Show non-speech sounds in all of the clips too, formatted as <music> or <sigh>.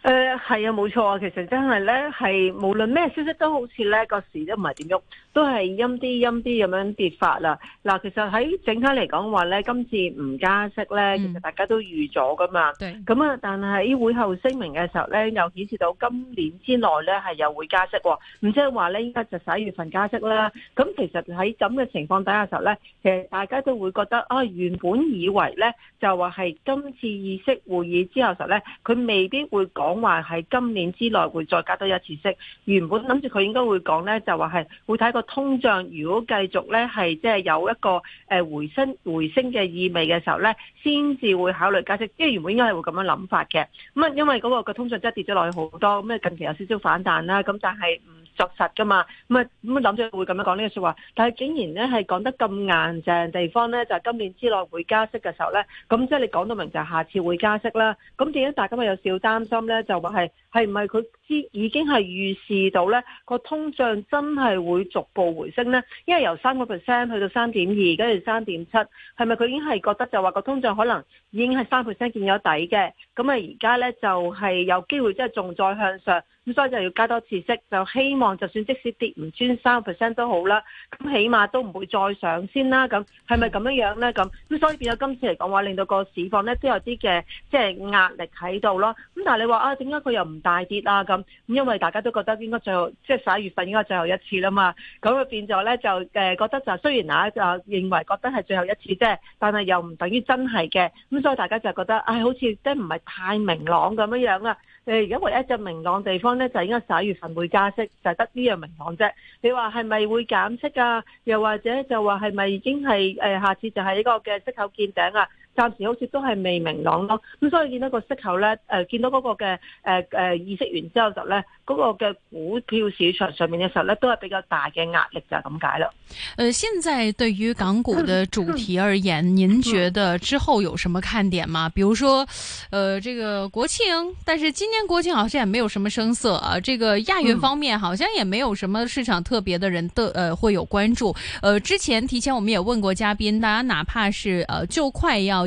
誒、呃，係啊，冇錯啊，其實真係咧，係無論咩消息都好似咧，個市都唔係點喐，都係陰啲陰啲咁樣跌法啦。嗱，其實喺整體嚟講話咧，今次唔加息咧，其實大家都預咗噶嘛。咁、嗯、啊，但係喺會後聲明嘅時候咧，又顯示到今年之內咧係又會加息，唔即係話咧依家就十一月份加息啦。咁其實喺咁嘅情況底下時候咧，其實大家都會覺得啊，原本以為咧就話係今次議息會議之後實咧，佢未必會講。講話係今年之內會再加多一次息，原本諗住佢應該會講呢，就話係會睇個通脹，如果繼續呢，係即係有一個誒回升回升嘅意味嘅時候呢，先至會考慮加息，即係原本應該係會咁樣諗法嘅。咁啊，因為嗰個個通脹真係跌咗落去好多，咁啊近期有少少反彈啦，咁但係唔。作實㗎嘛，咁啊咁諗住會咁樣講呢句說話，但係竟然咧係講得咁硬淨地方咧，就係、是、今年之內會加息嘅時候咧，咁即係你講到明就係下次會加息啦。咁點解大家咪有少少擔心咧？就話係係唔係佢知已經係預示到咧、個通脹真係會逐步回升咧？因為由三個 percent 去到三點二，跟住三點七，係咪佢已經係覺得就話個通脹可能已經係三 percent 見咗底嘅？咁啊而家咧就係、是、有機會即係仲再向上。所以就要加多次息，就希望就算即使跌唔穿三個 percent 都好啦，咁起碼都唔會再上先啦。咁係咪咁樣樣咧？咁、嗯、咁所以變咗今次嚟講話，令到個市況咧都有啲嘅即係壓力喺度咯。咁但係你話啊，點解佢又唔大跌啊？咁咁因為大家都覺得應該最後即係十一月份應該最後一次啦嘛。咁變咗咧就誒覺得就雖然啊就認為覺得係最後一次啫，但係又唔等於真係嘅。咁所以大家就覺得唉、哎，好似即係唔係太明朗咁樣樣啊。誒而家唯一隻明朗地方咧，就係應該十一月份會加息，就係得呢樣明朗啫。你話係咪會減息啊？又或者就話係咪已經係誒下次就係呢個嘅息口見頂啊？暫時好似都係未明朗咯，咁、嗯、所以見到那個息口咧，誒、呃、見到嗰個嘅誒誒意識完之後就咧，嗰、那個嘅股票市場上面嘅時候咧，都係比較大嘅壓力就咁解啦。誒、呃，現在對於港股的主題而言， <laughs> 您覺得之後有什麼看點嗎？ <laughs> 比如說，呃，這個國慶，但是今年國慶好像也沒有什麼聲色啊。這個亞運方面，好像也沒有什麼市場特別的人的、呃、會有關注。呃、之前提前我們也問過嘉賓，大家哪怕是、呃、就快要。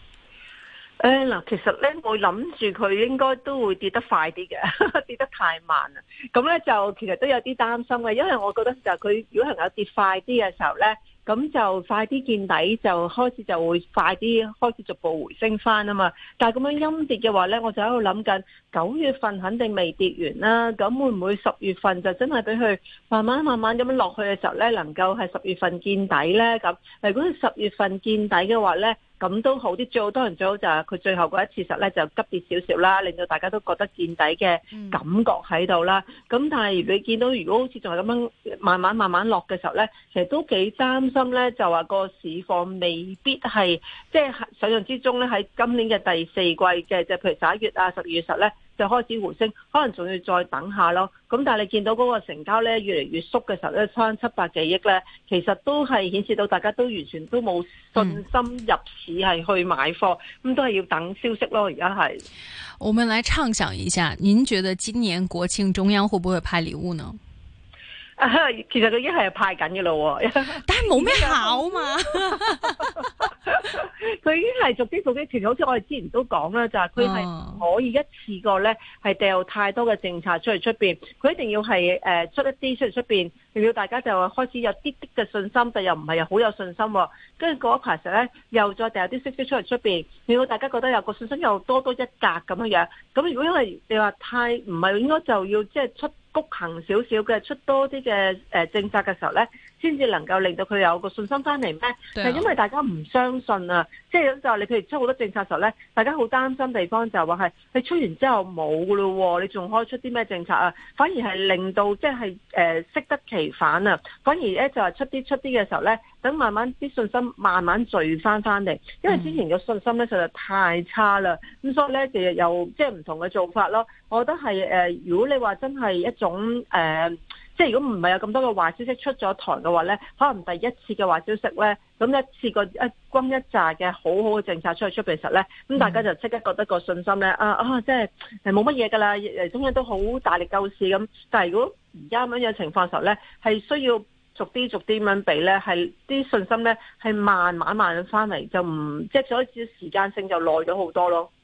誒、哎、嗱，其實咧我諗住佢應該都會跌得快啲嘅， <laughs> 跌得太慢啦。咁咧就其實都有啲擔心嘅，因為我覺得就佢如果係有跌快啲嘅時候咧，咁就快啲見底，就開始就會快啲開始逐步回升翻啊嘛。但係咁樣陰跌嘅話咧，我就喺度諗緊九月份肯定未跌完啦、啊。咁會唔會十月份就真係俾佢慢慢慢慢咁樣落去嘅時候咧，能夠係十月份見底咧？咁如果十月份見底嘅話咧？咁都好啲，最好多人最好就係佢最後嗰一次實咧就急跌少少啦，令到大家都覺得見底嘅感覺喺度啦。咁、嗯、但係你見到如果好似仲係咁樣慢慢慢慢落嘅時候咧，其實都幾擔心咧，就話個市況未必係即係想像之中咧。喺今年嘅第四季嘅，就係譬如十一月啊、十二月十咧。就開始回升，可能仲要再等下咯。咁但係你見到嗰個成交咧越嚟越縮嘅時候，差七百幾億咧，其實都係顯示到大家都完全都冇信心入市係去買貨，咁都係要等消息咯。而家係，我們來暢想一下，您覺得今年國慶中央會不會派禮物呢？其實佢已經係派緊嘅咯喎，但係冇咩效嘛。佢 <laughs> <laughs> 已經係逐啲逐啲出，好似我哋之前都講啦，就係佢係唔可以一次過咧係掉太多嘅政策出嚟出面。佢一定要係誒、呃、出一啲出嚟出面，令到大家就開始有啲啲嘅信心，但又唔係好有信心。跟住嗰一排時候咧，又再掉啲息息出嚟出面，令到大家覺得有個信心又多多一格咁樣樣。咁如果因為你話太唔係應該就要即係出。谷行少少嘅，出多啲嘅誒政策嘅時候咧。先至能夠令到佢有個信心翻嚟咩？係、啊、因為大家唔相信啊，即係就係你譬如出好多政策時候咧，大家好擔心地方就話係你出完之後冇噶咯喎，你仲可以出啲咩政策啊？反而係令到即係誒適得其反啊！反而咧就係出啲出啲嘅時候咧，等慢慢啲信心慢慢聚翻翻嚟，因為之前嘅信心咧實在太差啦。咁、嗯、所以咧就有即係唔同嘅做法咯。我覺得係誒、呃，如果你話真係一種誒。呃即係如果唔係有咁多個壞消息出咗台嘅話呢，可能第一次嘅壞消息呢，咁一次個一轟一炸嘅好好嘅政策出嚟出嚟時候呢，咁大家就即刻覺得個信心呢，啊啊、哦，即係冇乜嘢㗎啦，中央都好大力救市咁，但係如果而家咁樣嘅情況時候呢，係需要逐啲逐啲咁樣俾呢，係啲信心呢，係慢慢慢翻嚟，就唔即係所以時間性就耐咗好多咯。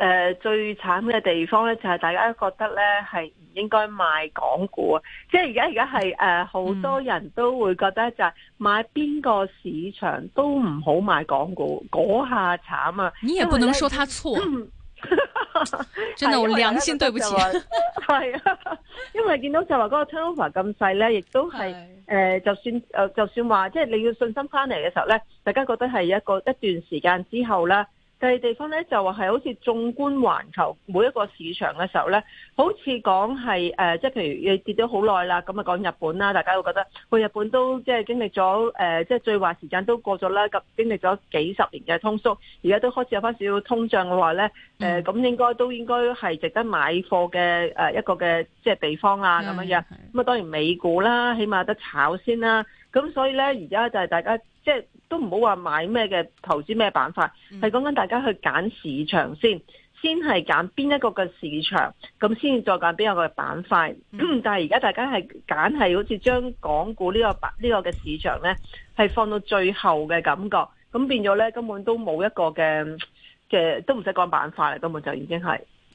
誒、呃、最慘嘅地方咧，就係、是、大家覺得咧係唔應該買港股啊！即係而家而家係誒好多人都會覺得就係買邊個市場都唔好買港股，嗰下慘啊！你也不能說他錯，嗯、 <laughs> <laughs> 真係我良心對不起，係啊！因為見到就話嗰個 turnover 咁細咧，亦都係誒、 <laughs> 呃，就算、呃、就算話即係你要信心翻嚟嘅時候咧，大家覺得係一個一段時間之後啦。第二個地方咧就話係好似縱觀環球每一個市場嘅時候咧，好似講係誒，即、呃、係譬如你跌咗好耐啦，咁啊講日本啦，大家會覺得去日本都即係經歷咗誒，即、呃、係、就是、最壞時間都過咗啦，咁經歷咗幾十年嘅通縮，而家都開始有翻少少通脹嘅話咧，誒、呃、咁、嗯、應該都應該係值得買貨嘅誒一個嘅即係地方啊。咁樣樣，咁啊當然美股啦，起碼得炒先啦。咁所以呢，而家就係大家即係都唔好話買咩嘅投資咩板塊，係講緊大家去揀市場先，先係揀邊一個嘅市場，咁先再揀邊一個嘅板塊，嗯。但係而家大家係揀，係好似將港股呢個呢個嘅市場呢，係放到最後嘅感覺，咁變咗呢，根本都冇一個嘅嘅都唔使講板塊啦，根本就已經係。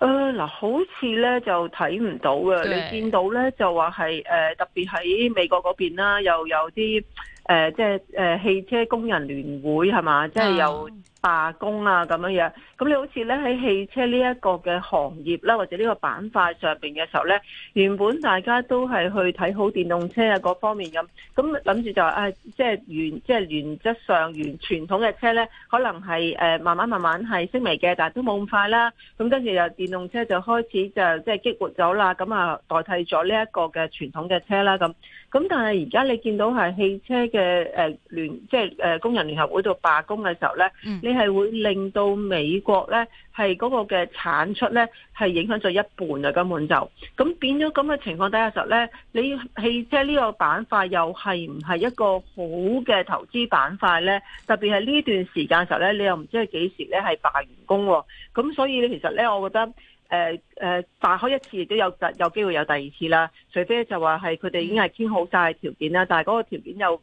誒，嗱，好似咧就睇唔到嘅，你見到咧就話係誒，特別喺美國嗰邊啦，又有啲誒、呃，即係誒、呃，汽車工人聯會係嘛，即係有。Oh. 罷工啊，咁樣樣，咁你好似咧喺汽車呢一個嘅行業啦，或者呢個板塊上邊嘅時候咧，原本大家都係去睇好電動車啊各方面咁，咁諗住就話，誒，即係原即係原則上，原傳統嘅車咧，可能係誒慢慢慢慢係升嚟嘅，但係都冇咁快啦。咁跟住又電動車就開始就即係激活咗啦，咁啊代替咗呢一個嘅傳統嘅車啦咁。咁但係而家你見到係汽車嘅誒聯，即係誒工人聯合會度罷工嘅時候咧，呢？係會令到美國呢係嗰個嘅產出呢係影響咗一半啊！根本就咁變咗咁嘅情況底下時候呢，實呢你汽車呢個板塊又係唔係一個好嘅投資板塊呢？特別係呢段時間時候咧，你又唔知係幾時呢係罷完工，啊，咁所以咧，其實呢我覺得誒誒，罷，呃、開，呃、一次亦都有有機會有第二次啦。除非就話係佢哋已經係簽好晒條件啦，但係嗰個條件又誒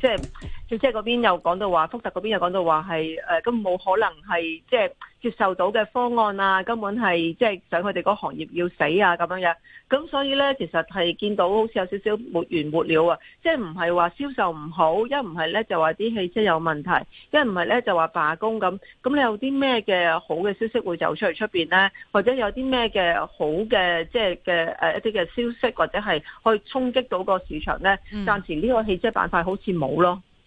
即係。呃就是即係嗰邊又講到話，福特嗰邊又講到話係，誒根本冇可能係即係接受到嘅方案啊，根本係即係想佢哋個行業要死啊咁樣樣。咁所以咧，其實係見到好似有少少沒完沒了啊，即係唔係話銷售唔好，一唔係咧就話啲汽車有問題，一唔係咧就話罷工咁。咁你有啲咩嘅好嘅消息會走出嚟，出面咧？或者有啲咩嘅好嘅即係嘅誒一啲嘅消息或者係去沖擊到個市場咧？嗯、暫時呢個汽車板塊好似冇咯。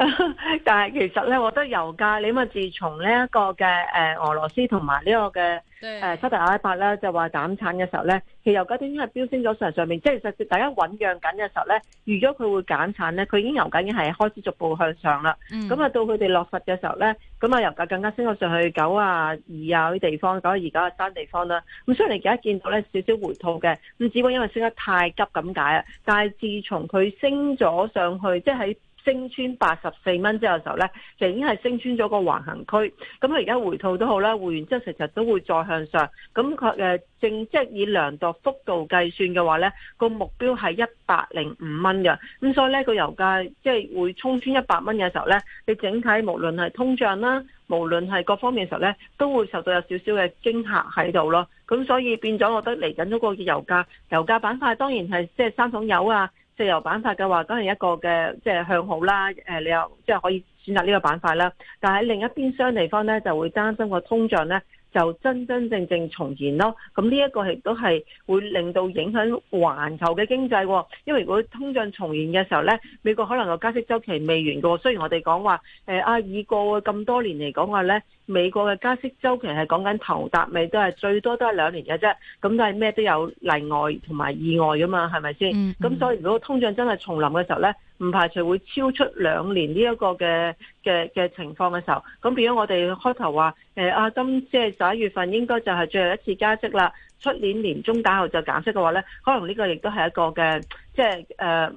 <laughs> 但係其實咧，我覺得油價你咪自從呢一個嘅誒、呃、俄羅斯同埋呢個嘅誒沙特阿拉伯咧，就話減產嘅時候咧，其油價已經係飆升咗上上面，即係實質大家醞釀緊嘅時候咧，如果佢會減產咧，佢已經油價已經係開始逐步向上啦。咁、嗯、啊到佢哋落實嘅時候咧，咁啊油價更加升咗上去九啊二啊啲地方，九二九啊三地方啦。咁雖然你而家見到咧少少回吐嘅，咁只不過因為升得太急咁解啊。但係自從佢升咗上去，即係喺升穿八十四蚊之後嘅時候咧，就已經係升穿咗個橫行區。咁佢而家回吐都好啦，回完之後其實都會再向上。咁佢正即係、就是、以量度幅度計算嘅話咧，個目標係一百零五蚊嘅。咁所以咧個油價即係、就是、會衝穿一百蚊嘅時候咧，你整體無論係通脹啦，無論係各方面嘅時候咧，都會受到有少少嘅驚嚇喺度咯。咁所以變咗，我覺得嚟緊嗰個油價、油價板塊當然係即係三桶油啊。石油板塊嘅話，當然一個嘅即係向好啦，誒，你又即係、就是、可以選擇呢個板塊啦。但喺另一邊廂地方咧，就會擔心個通脹咧。就真真正正重現咯，咁呢一個亦都係會令到影響環球嘅經濟喎，因為如果通脹重現嘅時候咧，美國可能個加息週期未完嘅喎，雖然我哋講話誒阿過去咁多年嚟講話咧，美國嘅加息週期係講緊頭達尾都係最多都係兩年嘅啫，咁都係咩都有例外同埋意外噶嘛，係咪先？咁、嗯嗯、所以如果通脹真係重臨嘅時候咧。唔排除會超出兩年呢一個嘅嘅嘅情況嘅時候，咁變咗我哋開頭話，誒阿金即係十一月份應該就係最後一次加息啦，出年年中打後就減息嘅話呢，可能呢個亦都係一個嘅即係誒。就是呃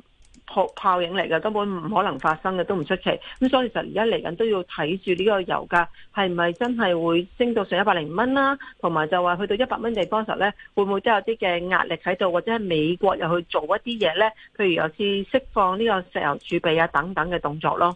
泡泡影嚟嘅根本唔可能發生嘅，都唔出奇。咁所以其實而家嚟緊都要睇住呢個油價係咪真係會升到上一百零蚊啦，同埋就話去到一百蚊地方時候呢，會唔會都有啲嘅壓力喺度，或者係美國又去做一啲嘢呢？譬如有次釋放呢個石油儲備啊，等等嘅動作咯。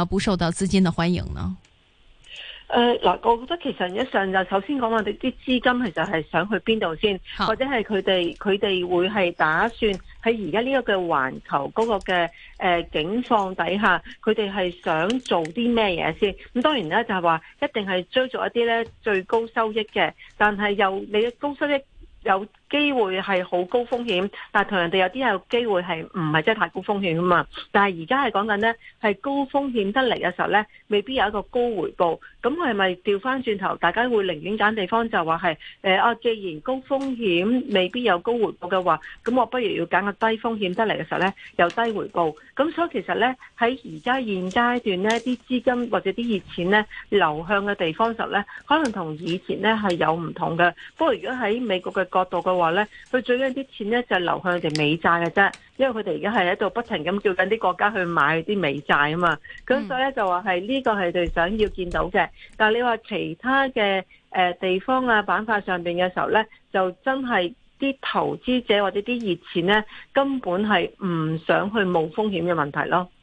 不受到資金的歡迎呢？誒，嗱，我覺得其實一上就首先講我哋啲資金其實係想去邊度先，或者係佢哋佢哋會係打算喺而家呢一個環球嗰個嘅誒境況底下，佢哋係想做啲咩嘢先？咁當然呢，就係話一定係追逐一啲呢最高收益嘅，但係又你嘅高收益有。機會係好高風險，但係同人哋有啲有機會係唔係真係太高風險噶嘛？但係而家係講緊呢係高風險得嚟嘅時候呢，未必有一個高回報。咁係咪調翻轉頭，大家會寧願揀地方就話係啊？既然高風險未必有高回報嘅話，咁我不如要揀個低風險得嚟嘅時候呢，有低回報。咁所以其實呢，喺而家現階段呢啲資金或者啲熱錢呢流向嘅地方時候呢，可能同以前呢係有唔同嘅。不過如果喺美國嘅角度嘅話話咧，佢最緊啲錢咧就係流向佢哋美債嘅啫，因為佢哋而家係喺度不停咁叫緊啲國家去買啲美債啊嘛，咁所以咧就話係呢個係佢哋想要見到嘅。但係你話其他嘅誒地方啊板塊上面嘅時候咧，就真係啲投資者或者啲熱錢咧根本係唔想去冒風險嘅問題咯。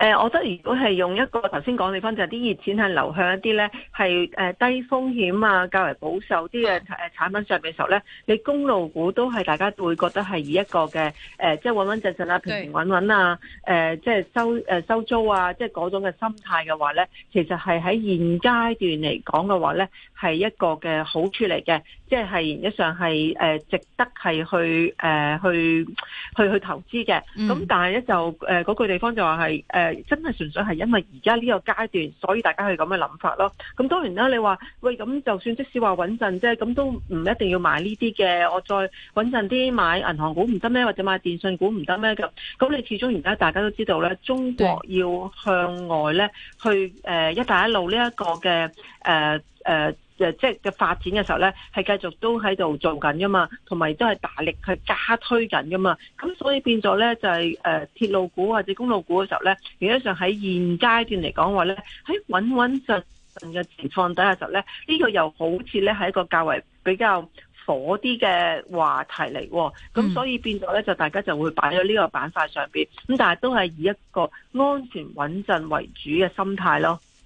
誒，我覺得如果係用一個頭先講地方，就係啲熱錢係流向一啲咧係低風險啊、較為保守啲嘅誒產品上面時候咧、嗯，你公路股都係大家都會覺得係以一個嘅即係穩穩陣陣啊、平平穩穩啊，即係、呃即係、收收租啊，即係嗰種嘅心態嘅話咧，其實係喺現階段嚟講嘅話咧，係一個嘅好處嚟嘅，即係原則上係誒、呃、值得係去誒、呃、去去去投資嘅。咁、嗯、但係咧就誒嗰、呃嗰個地方就話係真係純粹係因為而家呢個階段，所以大家係咁嘅諗法咯。咁當然啦，你話喂咁，就算即使話穩陣啫，咁都唔一定要買呢啲嘅。我再穩陣啲買銀行股唔得咩？或者買電信股唔得咩？咁咁你始終而家大家都知道咧，中國要向外咧去誒、呃、一帶一路呢一個嘅誒、呃呃就即係嘅發展嘅時候咧，係繼續都喺度做緊噶嘛，同埋都係大力去加推緊噶嘛，咁所以變咗咧就係、是、誒、呃、鐵路股或者公路股嘅時候咧，其實上喺現階段嚟講話咧，喺穩穩陣陣嘅情況底下時候咧，呢、這個又好似咧係一個較為比較火啲嘅話題嚟喎，咁所以變咗咧就大家就會擺喺呢個板塊上邊，咁但係都係以一個安全穩陣為主嘅心態咯。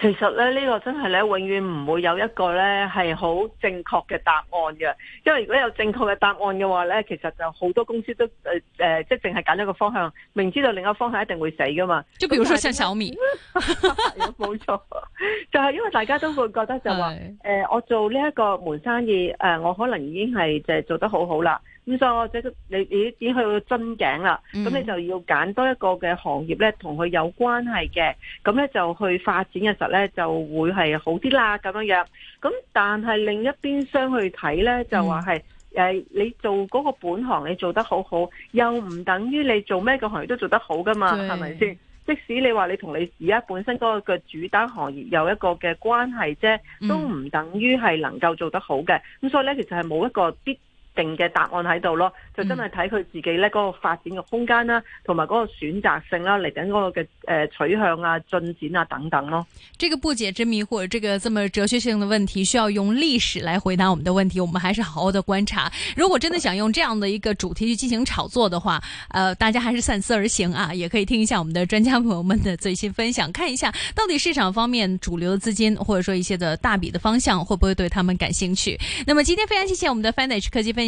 其實咧呢，這個真係咧，永遠唔會有一個咧係好正確嘅答案嘅。因為如果有正確嘅答案嘅話咧，其實就好多公司都誒誒，呃呃，即係淨係揀咗個方向，明知道另一個方向一定會死噶嘛。即係比如說，像小米，冇 <laughs> 沒錯， <laughs> <laughs> 就係因為大家都會覺得就話、是、誒、呃，我做呢一個門生意誒、呃，我可能已經係就係做得好好啦。咁所以我只你你只去到樽頸啦，咁你就要揀多一個嘅行業咧，同佢有關係嘅，咁咧就去發展嘅時候。咧、嗯、就會係好啲啦咁樣樣，咁但係另一邊廂去睇咧、嗯，就話係你做嗰個本行你做得好好，又唔等於你做咩個行業都做得好㗎嘛？係咪先？即使你話你同你而家本身嗰個主單行業有一個嘅關係啫，都唔等於係能夠做得好嘅。咁、嗯、所以咧，其實係冇一個必定嘅答案喺度咯，就真係睇佢自己咧嗰個發展嘅空間啦，同埋嗰個選擇性啦，嚟緊嗰個嘅誒取向啊、進展啊等等咯。這個不解之謎或者這個這麼哲學性的問題，需要用歷史來回答我們的問題，我們還是好好的觀察。如果真的想用這樣的一個主題去進行炒作的話，呃，大家還是三思而行啊。也可以聽一下我們的專家朋友們的最新分享，看一下到底市場方面主流的資金或者說一些的大筆的方向，會不會對他們感興趣。那麼今天非常謝謝我們的 f i n a g e 科技分。